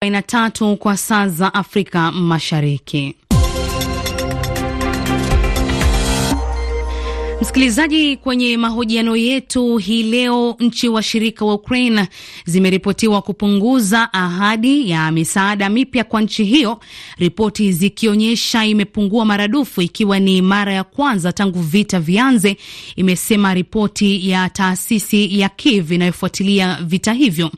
arobaini na tatu kwa saa za Afrika Mashariki. Msikilizaji, kwenye mahojiano yetu hii leo, nchi washirika wa Ukraine zimeripotiwa kupunguza ahadi ya misaada mipya kwa nchi hiyo, ripoti zikionyesha imepungua maradufu, ikiwa ni mara ya kwanza tangu vita vianze, imesema ripoti ya taasisi ya Kiev inayofuatilia vita hivyo.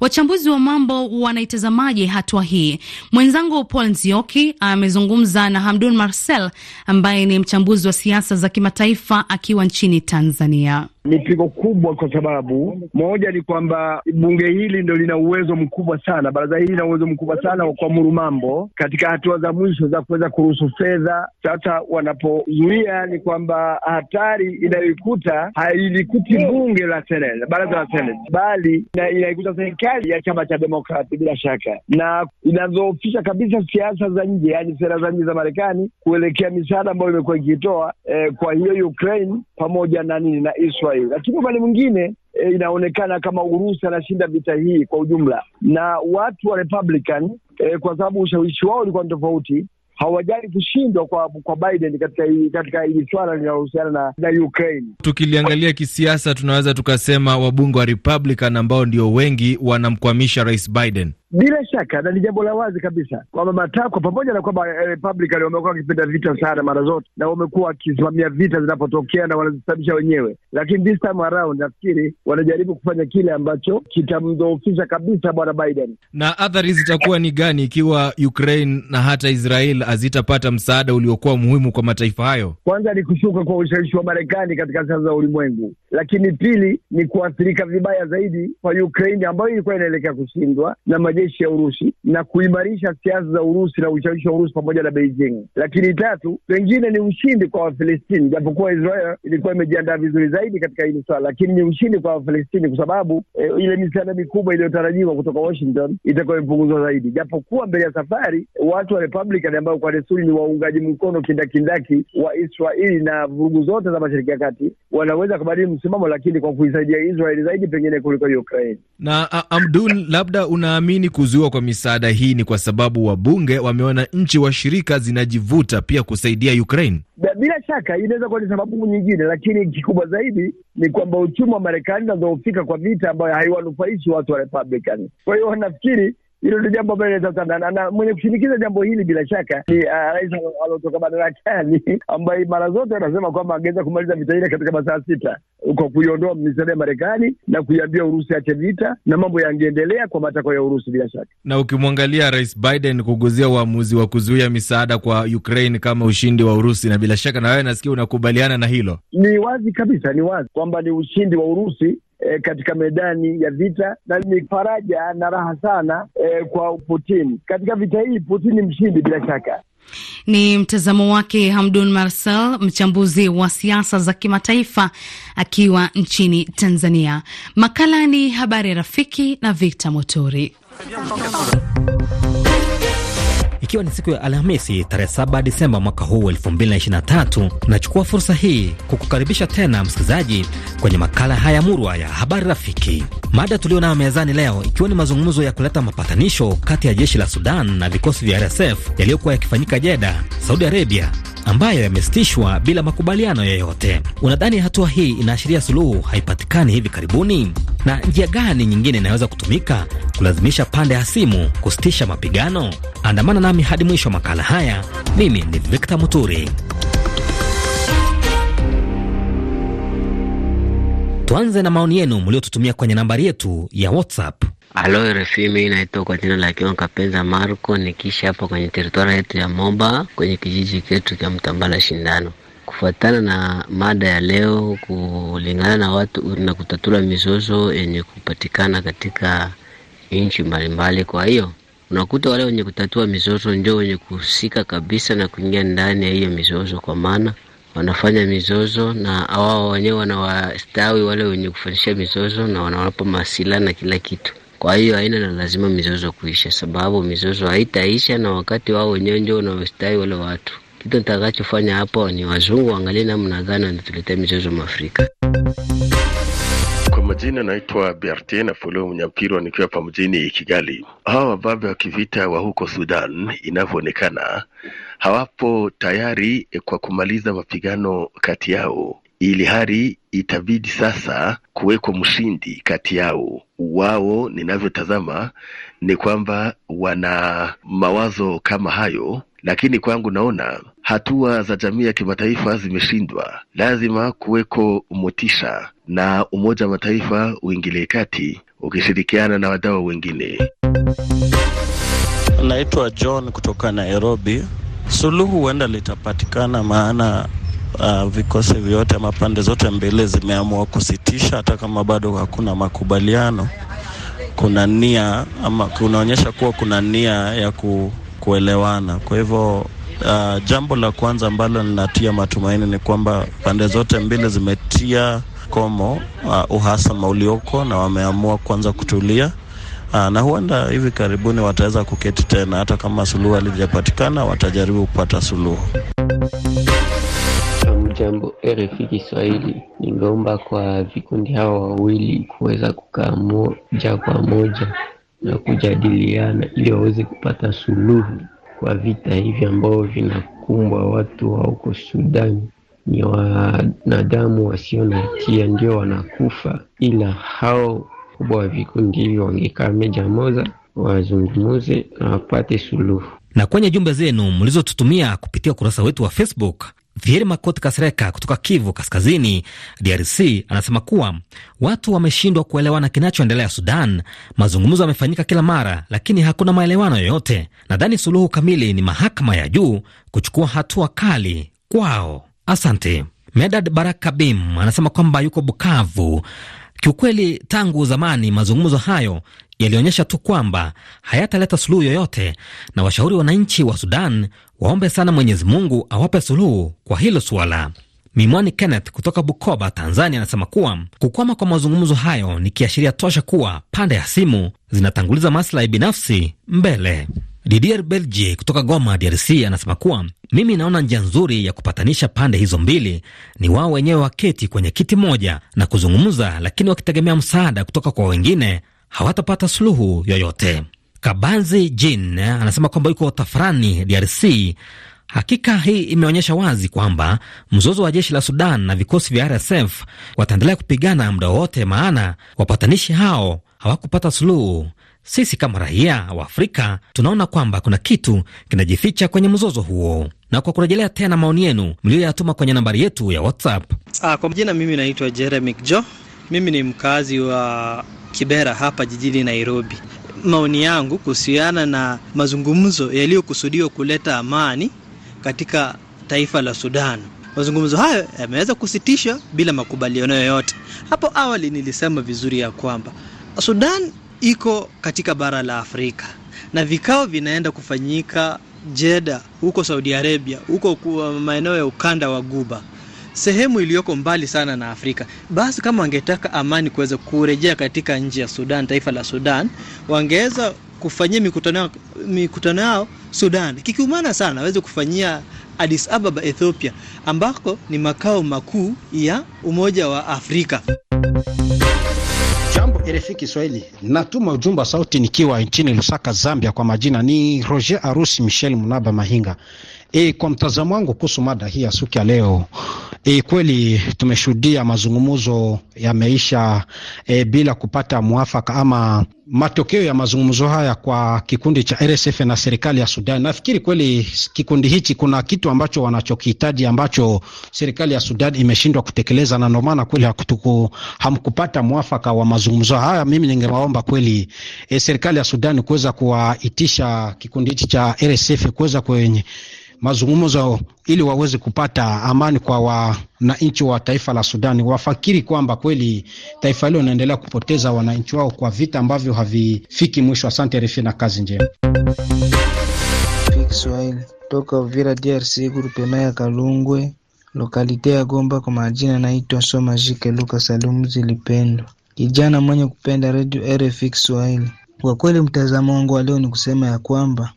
Wachambuzi wa mambo wanaitazamaje hatua hii? Mwenzangu Paul Nzioki amezungumza na Hamdun Marcel ambaye ni mchambuzi wa siasa za kimataifa akiwa nchini Tanzania ni pigo kubwa, kwa sababu moja ni kwamba bunge hili ndo lina uwezo mkubwa sana, baraza hili lina uwezo mkubwa sana wa kuamuru mambo katika hatua za mwisho za kuweza kuruhusu fedha. Sasa wanapozuia ni kwamba hatari inayoikuta hailikuti bunge la Seneti, baraza la Seneti, bali inaikuta serikali ya chama cha Demokrati bila shaka, na inadhoofisha kabisa siasa za nje, yaani sera za nje za Marekani kuelekea misaada ambayo imekuwa ikitoa eh, kwa hiyo Ukraine pamoja na nini na Israel sawa hiyo, lakini upande mwingine e, inaonekana kama Urusi anashinda vita hii kwa ujumla, na watu wa Republican e, kwa sababu ushawishi wao ulikuwa ni tofauti hawajali kushindwa kwa kwa Biden katika hili katika swala linalohusiana na, na Ukraine. Tukiliangalia kisiasa, tunaweza tukasema wabunge wa Republican ambao ndio wengi wanamkwamisha Rais Biden. Bila shaka na ni jambo la wazi kabisa kwamba matakwa pamoja na kwamba eh, Republican wamekuwa wakipenda vita sana mara zote, na wamekuwa wakisimamia vita zinapotokea na wanazisababisha wenyewe, lakini this time around nafikiri wanajaribu kufanya kile ambacho kitamdhoofisha kabisa bwana Biden. Na athari zitakuwa ni gani ikiwa Ukraine na hata Israel hazitapata msaada uliokuwa muhimu kwa mataifa hayo? Kwanza ni kushuka kwa ushawishi wa Marekani katika siasa za ulimwengu, lakini pili ni kuathirika vibaya zaidi kwa Ukraine ambayo ilikuwa inaelekea kushindwa na maje majeshi ya Urusi na kuimarisha siasa za Urusi na ushawishi wa Urusi pamoja na Beijing. Lakini tatu, pengine ni ushindi kwa Wafilistini, japokuwa Israel ilikuwa imejiandaa vizuri zaidi katika hili swala, lakini ni ushindi kwa Wafilistini kwa sababu e, ile misaada mikubwa iliyotarajiwa kutoka Washington itakuwa imepunguzwa zaidi, japokuwa mbele ya safari watu wa Republican ambao kwa desturi ni waungaji mkono kindakindaki wa Israeli na vurugu zote za Mashariki ya Kati wanaweza kubadili msimamo, lakini kwa kuisaidia Israeli zaidi pengine kuliko Ukraine. Na Abdul, labda unaamini kuzuiwa kwa misaada hii ni kwa sababu wabunge wameona nchi washirika zinajivuta pia kusaidia Ukraine. Bila shaka inaweza kuwa ni sababu nyingine, lakini kikubwa zaidi ni kwamba uchumi wa Marekani unadhoofika kwa vita ambayo haiwanufaishi watu wa Republican. Kwa hiyo nafikiri hilo ndio jambo ambalo inaweza sana na, na mwenye kushinikiza jambo hili bila shaka ni uh, rais aliotoka madarakani ambaye mara zote anasema kwamba angeweza kumaliza vita ile katika masaa sita kwa kuiondoa misaada ya Marekani na kuiambia Urusi ache vita na mambo yangeendelea kwa matakwa ya Urusi bila shaka. Na ukimwangalia Rais Biden kuguzia uamuzi wa kuzuia misaada kwa Ukraine kama ushindi wa Urusi, na bila shaka na wewe nasikia unakubaliana na hilo. Ni wazi kabisa, ni wazi kwamba ni ushindi wa Urusi eh, katika medani ya vita na ni faraja na raha sana eh, kwa Putin katika vita hii. Putin mshindi bila shaka. Ni mtazamo wake Hamdun marcel mchambuzi wa siasa za kimataifa akiwa nchini Tanzania. Makala ni habari rafiki na Victor Motori ikiwa ni siku ya Alhamisi tarehe 7 Disemba mwaka huu 2023, nachukua fursa hii kukukaribisha tena msikilizaji kwenye makala haya murwa ya habari rafiki. Mada tulio nayo mezani leo ikiwa ni mazungumzo ya kuleta mapatanisho kati ya jeshi la Sudan na vikosi vya RSF yaliyokuwa yakifanyika Jeda, Saudi Arabia ambayo yamesitishwa bila makubaliano yoyote. Unadhani hatua hii inaashiria suluhu haipatikani hivi karibuni? Na njia gani nyingine inaweza kutumika kulazimisha pande hasimu kusitisha mapigano? Andamana nami hadi mwisho wa makala haya. Mimi ni Victor Muturi. Tuanze na maoni yenu mliotutumia kwenye nambari yetu ya WhatsApp. Alo RFI, mimi naitwa kwa jina la Kion Kapenza Marco, nikiishi hapa kwenye teritoria yetu ya Moba kwenye kijiji chetu cha Mtambala Shindano. Kufuatana na mada ya leo, kulingana na watu na kutatula mizozo yenye kupatikana katika nchi mbalimbali. Kwa hiyo unakuta wale wenye kutatua mizozo ndio wenye kuhusika kabisa na kuingia ndani ya hiyo mizozo, kwa maana wanafanya mizozo na wao wenyewe wanawastawi wale wenye kufanyisha mizozo na wanawapa masila na kila kitu. Kwa hiyo haina na lazima mizozo kuisha, sababu mizozo haitaisha na wakati wao wenyewe ndio unaostahi wale watu. Kitu nitakachofanya hapo ni wazungu waangalie namna gani wanatuletea mizozo Maafrika. Kwa majina naitwa Bertin Apollo Munyampirwa, nikiwa pa mjini Kigali. Hawa wababe wa kivita wa huko Sudan inavyoonekana hawapo tayari kwa kumaliza mapigano kati yao hari itabidi sasa kuwekwa mshindi kati yao. Wao ninavyotazama ni kwamba wana mawazo kama hayo, lakini kwangu naona hatua za jamii ya kimataifa zimeshindwa. Lazima kuweko motisha na Umoja wa Mataifa uingilie kati ukishirikiana na wadau wengine. Naitwa John kutoka Nairobi. Suluhu huenda litapatikana, maana uh, vikosi vyote ama pande zote mbili zimeamua kusitisha, hata kama bado hakuna makubaliano. Kuna nia ama kunaonyesha kuwa kuna nia ya ku, kuelewana. Kwa hivyo uh, jambo la kwanza ambalo linatia matumaini ni kwamba pande zote mbili zimetia komo uh, uhasama ulioko na wameamua kwanza kutulia. Aa, uh, na huenda hivi karibuni wataweza kuketi tena, hata kama suluhu halijapatikana watajaribu kupata suluhu. RFI Kiswahili ningeomba kwa vikundi hawa wawili kuweza kukaa moja kwa moja na kujadiliana ili waweze kupata suluhu kwa vita hivi ambao vinakumbwa watu wa huko Sudani. Ni wanadamu wasio na hatia ndio wanakufa, ila hao kubwa wa vikundi hivi wangekaa meja moja wazungumuze na wapate suluhu. Na kwenye jumbe zenu mlizotutumia kupitia ukurasa wetu wa Facebook, Thierry Makot Kasereka kutoka Kivu Kaskazini, DRC, anasema kuwa watu wameshindwa kuelewana kinachoendelea Sudan. Mazungumzo yamefanyika kila mara, lakini hakuna maelewano yoyote. Nadhani suluhu kamili ni mahakama ya juu kuchukua hatua kali kwao. Asante. Medad Barakabim anasema kwamba yuko Bukavu. Kiukweli, tangu zamani mazungumzo hayo yalionyesha tu kwamba hayataleta suluhu yoyote, na washauri wananchi wa Sudan waombe sana Mwenyezi Mungu awape suluhu kwa hilo suala. Mimwani Kenneth kutoka Bukoba, Tanzania, anasema kuwa kukwama kwa mazungumzo hayo ni kiashiria tosha kuwa pande ya simu zinatanguliza maslahi binafsi mbele. Didier Belgi kutoka Goma, DRC, anasema kuwa mimi naona njia nzuri ya kupatanisha pande hizo mbili ni wao wenyewe waketi kwenye kiti moja na kuzungumza, lakini wakitegemea msaada kutoka kwa wengine hawatapata suluhu yoyote. Kabanzi Jin eh, anasema kwamba yuko Tafrani, DRC. Hakika hii imeonyesha wazi kwamba mzozo wa jeshi la Sudan na vikosi vya RSF wataendelea kupigana muda wowote, maana wapatanishi hao hawakupata suluhu. Sisi kama raia wa Afrika tunaona kwamba kuna kitu kinajificha kwenye mzozo huo. Na kwa kurejelea tena maoni yenu mliyoyatuma kwenye nambari yetu ya WhatsApp. Ah, kwa jina mimi naitwa Jeremy Jo mimi ni mkazi wa Kibera hapa jijini Nairobi. Maoni yangu kuhusiana na mazungumzo yaliyokusudiwa kuleta amani katika taifa la Sudan. Mazungumzo hayo yameweza kusitishwa bila makubaliano yoyote. Hapo awali nilisema vizuri ya kwamba Sudan iko katika bara la Afrika na vikao vinaenda kufanyika Jeddah huko Saudi Arabia, huko maeneo ya ukanda wa Guba sehemu iliyoko mbali sana na Afrika. Basi kama wangetaka amani kuweza kurejea katika nchi ya Sudan, taifa la Sudan, wangeweza kufanyia mikutano, mikutano yao Sudan kikiumana sana, waweze kufanyia Addis Ababa Ethiopia, ambako ni makao makuu ya Umoja wa Afrika. Jambo RFI Kiswahili, natuma ujumbe wa sauti nikiwa nchini Lusaka, Zambia. Kwa majina ni Roger Arusi Michel Munaba Mahinga. E, kwa mtazamo wangu kuhusu mada hii ya ya leo E, kweli tumeshuhudia mazungumzo yameisha e, eh, bila kupata mwafaka ama matokeo ya mazungumzo haya kwa kikundi cha RSF na serikali ya Sudan. Nafikiri kweli kikundi hichi kuna kitu ambacho wanachokihitaji ambacho serikali ya Sudan imeshindwa kutekeleza, na ndio maana kweli hakutuku, hamkupata mwafaka wa mazungumzo haya. Mimi ningewaomba kweli e, serikali ya Sudan kuweza kuwaitisha kikundi hichi cha RSF kuweza kwenye mazungumzo ili waweze kupata amani kwa wananchi wa taifa la Sudani. wafakiri kwamba kweli taifa hilo linaendelea kupoteza wananchi wao kwa vita ambavyo havifiki mwisho. Asante refi na kazi njema. Kiswahili toka Uvira DRC, grupema Kalungwe, lokalite ya Gomba. Kwa majina naitwa Soma Jike Luka Salumu Zilipendwa, kijana mwenye kupenda redio RFI Kiswahili. Kwa kweli mtazamo wangu wa leo ni kusema ya kwamba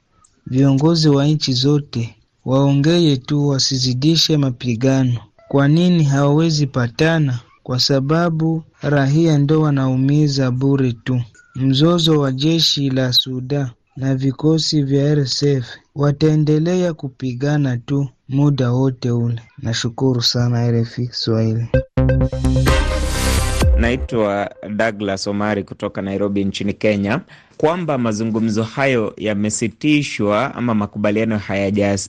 viongozi wa nchi zote waongee tu wasizidishe mapigano. Kwa nini hawawezi patana? Kwa sababu rahia ndo wanaumiza bure tu. Mzozo wa jeshi la Sudan na vikosi vya RSF wataendelea kupigana tu muda wote ule. Nashukuru sana RFI Kiswahili. Naitwa Douglas Omari kutoka Nairobi nchini Kenya kwamba mazungumzo hayo yamesitishwa ama makubaliano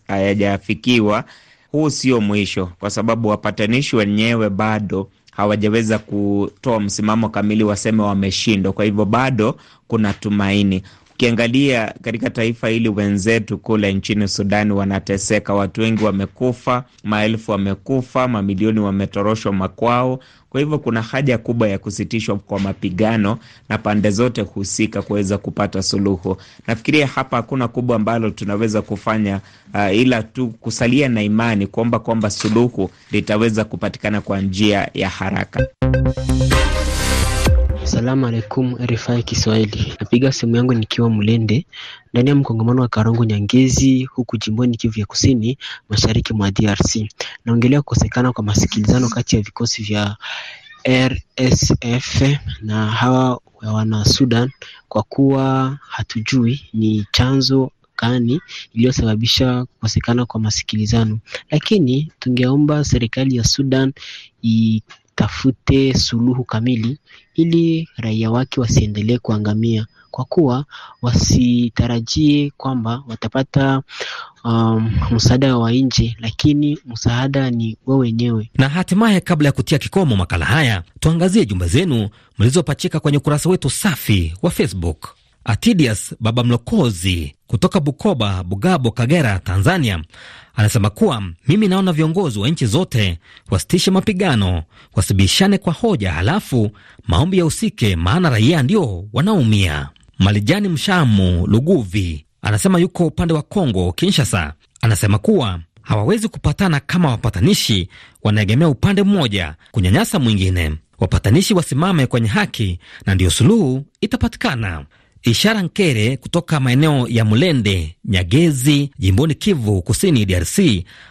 hayajafikiwa, huu sio mwisho, kwa sababu wapatanishi wenyewe bado hawajaweza kutoa msimamo kamili, waseme wameshindwa. Kwa hivyo bado kuna tumaini. Ukiangalia katika taifa hili wenzetu kule nchini Sudani wanateseka, watu wengi wamekufa, maelfu wamekufa, mamilioni wametoroshwa makwao. Kwa hivyo kuna haja kubwa ya kusitishwa kwa mapigano na pande zote husika kuweza kupata suluhu. Nafikiria hapa hakuna kubwa ambalo tunaweza kufanya uh, ila tu kusalia na imani kuomba kwamba suluhu litaweza kupatikana kwa njia ya haraka. Salamu alaikum RFI Kiswahili, napiga simu yangu nikiwa Mlende ndani ya mkongamano wa Karongo Nyangezi, huku jimboni Kivu ya Kusini, mashariki mwa DRC. Naongelea kukosekana kwa masikilizano kati ya vikosi vya RSF na hawa wana Sudan, kwa kuwa hatujui ni chanzo kani iliyosababisha kukosekana kwa masikilizano, lakini tungeomba serikali ya Sudan i itafute suluhu kamili ili raia wake wasiendelee kuangamia, kwa kuwa wasitarajie kwamba watapata um, msaada wa nje, lakini msaada ni wao wenyewe. Na hatimaye, kabla ya kutia kikomo makala haya, tuangazie jumba zenu mlizopachika kwenye ukurasa wetu safi wa Facebook. Atidias Baba Mlokozi kutoka Bukoba, Bugabo, Kagera, Tanzania Anasema kuwa mimi naona viongozi wa nchi zote wasitishe mapigano, wasibishane kwa hoja, halafu maombi yahusike, maana raia ndio wanaumia. Malijani Mshamu Luguvi anasema yuko upande wa Kongo Kinshasa. Anasema kuwa hawawezi kupatana kama wapatanishi wanaegemea upande mmoja kunyanyasa mwingine. Wapatanishi wasimame kwenye haki na ndiyo suluhu itapatikana. Ishara Nkere kutoka maeneo ya Mulende, Nyagezi, jimboni Kivu Kusini, DRC,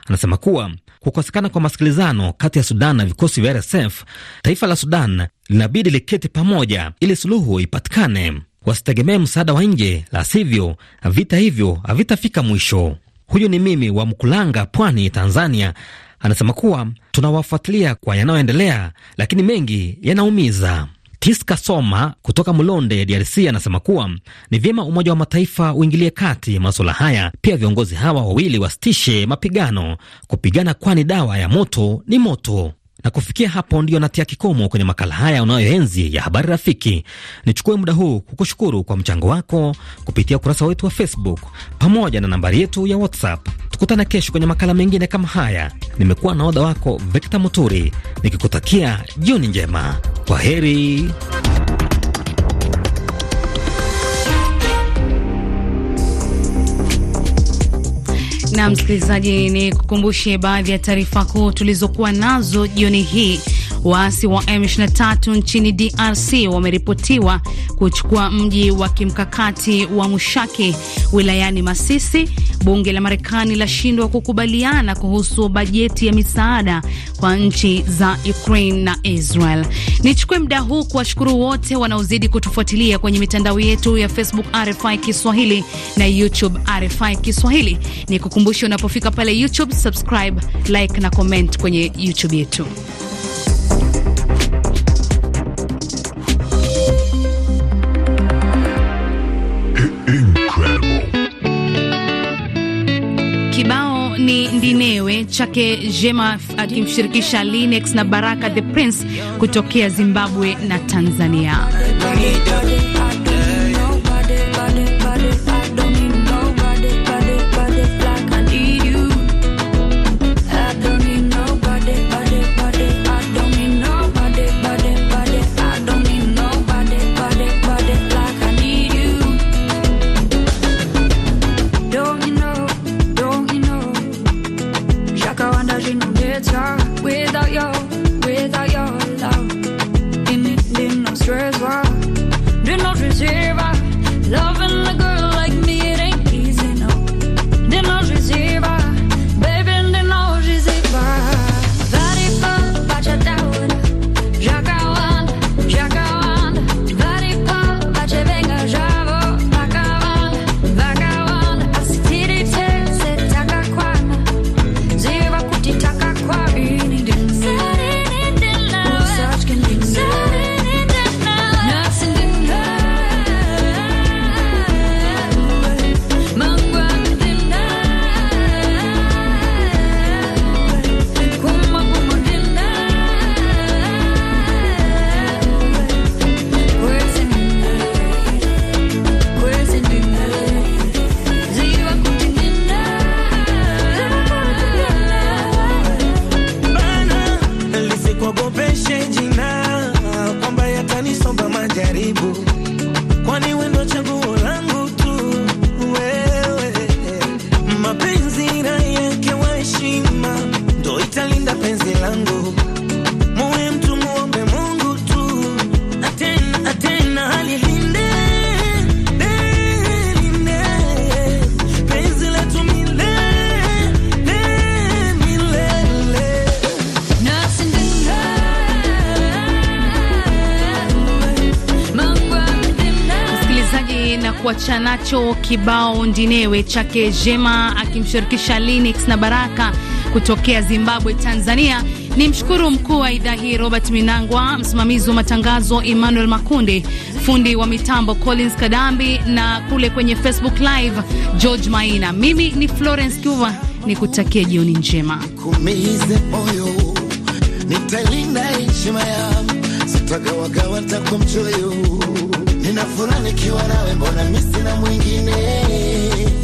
anasema kuwa kukosekana kwa masikilizano kati ya Sudan na vikosi vya RSF, taifa la Sudan linabidi liketi pamoja ili suluhu ipatikane. Wasitegemee msaada wa nje, la sivyo vita hivyo havitafika mwisho. Huyu ni mimi wa Mkulanga, Pwani, Tanzania, anasema kuwa tunawafuatilia kwa yanayoendelea, lakini mengi yanaumiza. Tiska Soma kutoka Mlonde, DRC, anasema kuwa ni vyema Umoja wa Mataifa uingilie kati masuala haya. Pia viongozi hawa wawili wasitishe mapigano kupigana, kwani dawa ya moto ni moto. Na kufikia hapo ndio natia kikomo kwenye makala haya unayoenzi ya habari rafiki. Nichukue muda huu kukushukuru kwa mchango wako kupitia ukurasa wetu wa Facebook pamoja na nambari yetu ya WhatsApp. Tukutane kesho kwenye makala mengine kama haya. Nimekuwa oda wako Victor Muturi nikikutakia jioni njema. Kwa heri. Na msikilizaji, ni kukumbushe baadhi ya taarifa kuu tulizokuwa nazo jioni hii. Waasi wa M23 nchini DRC wameripotiwa kuchukua mji wa kimkakati wa Mushaki wilayani Masisi. Bunge la Marekani lashindwa kukubaliana kuhusu bajeti ya misaada kwa nchi za Ukraine na Israel. Nichukue muda huu kuwashukuru wote wanaozidi kutufuatilia kwenye mitandao yetu ya Facebook RFI Kiswahili na YouTube RFI Kiswahili. Ni kukumbusha unapofika pale YouTube, subscribe, like na comment kwenye YouTube yetu. Ndinewe chake Jema akimshirikisha Linex na Baraka the Prince kutokea Zimbabwe na Tanzania. cha nacho kibao ndinewe chake Jema akimshirikisha Linux na Baraka kutokea Zimbabwe, Tanzania. Ni mshukuru mkuu wa idhaa hii Robert Minangwa, msimamizi wa matangazo Emmanuel makunde fundi wa mitambo Collins Kadambi, na kule kwenye Facebook Live George Maina. Mimi ni Florence Kuva, nikutakie jioni njema. nitalinda heshima yangu, sitagawagawa, ninafurahi nikiwa nawe, mbona mimi sina mwingine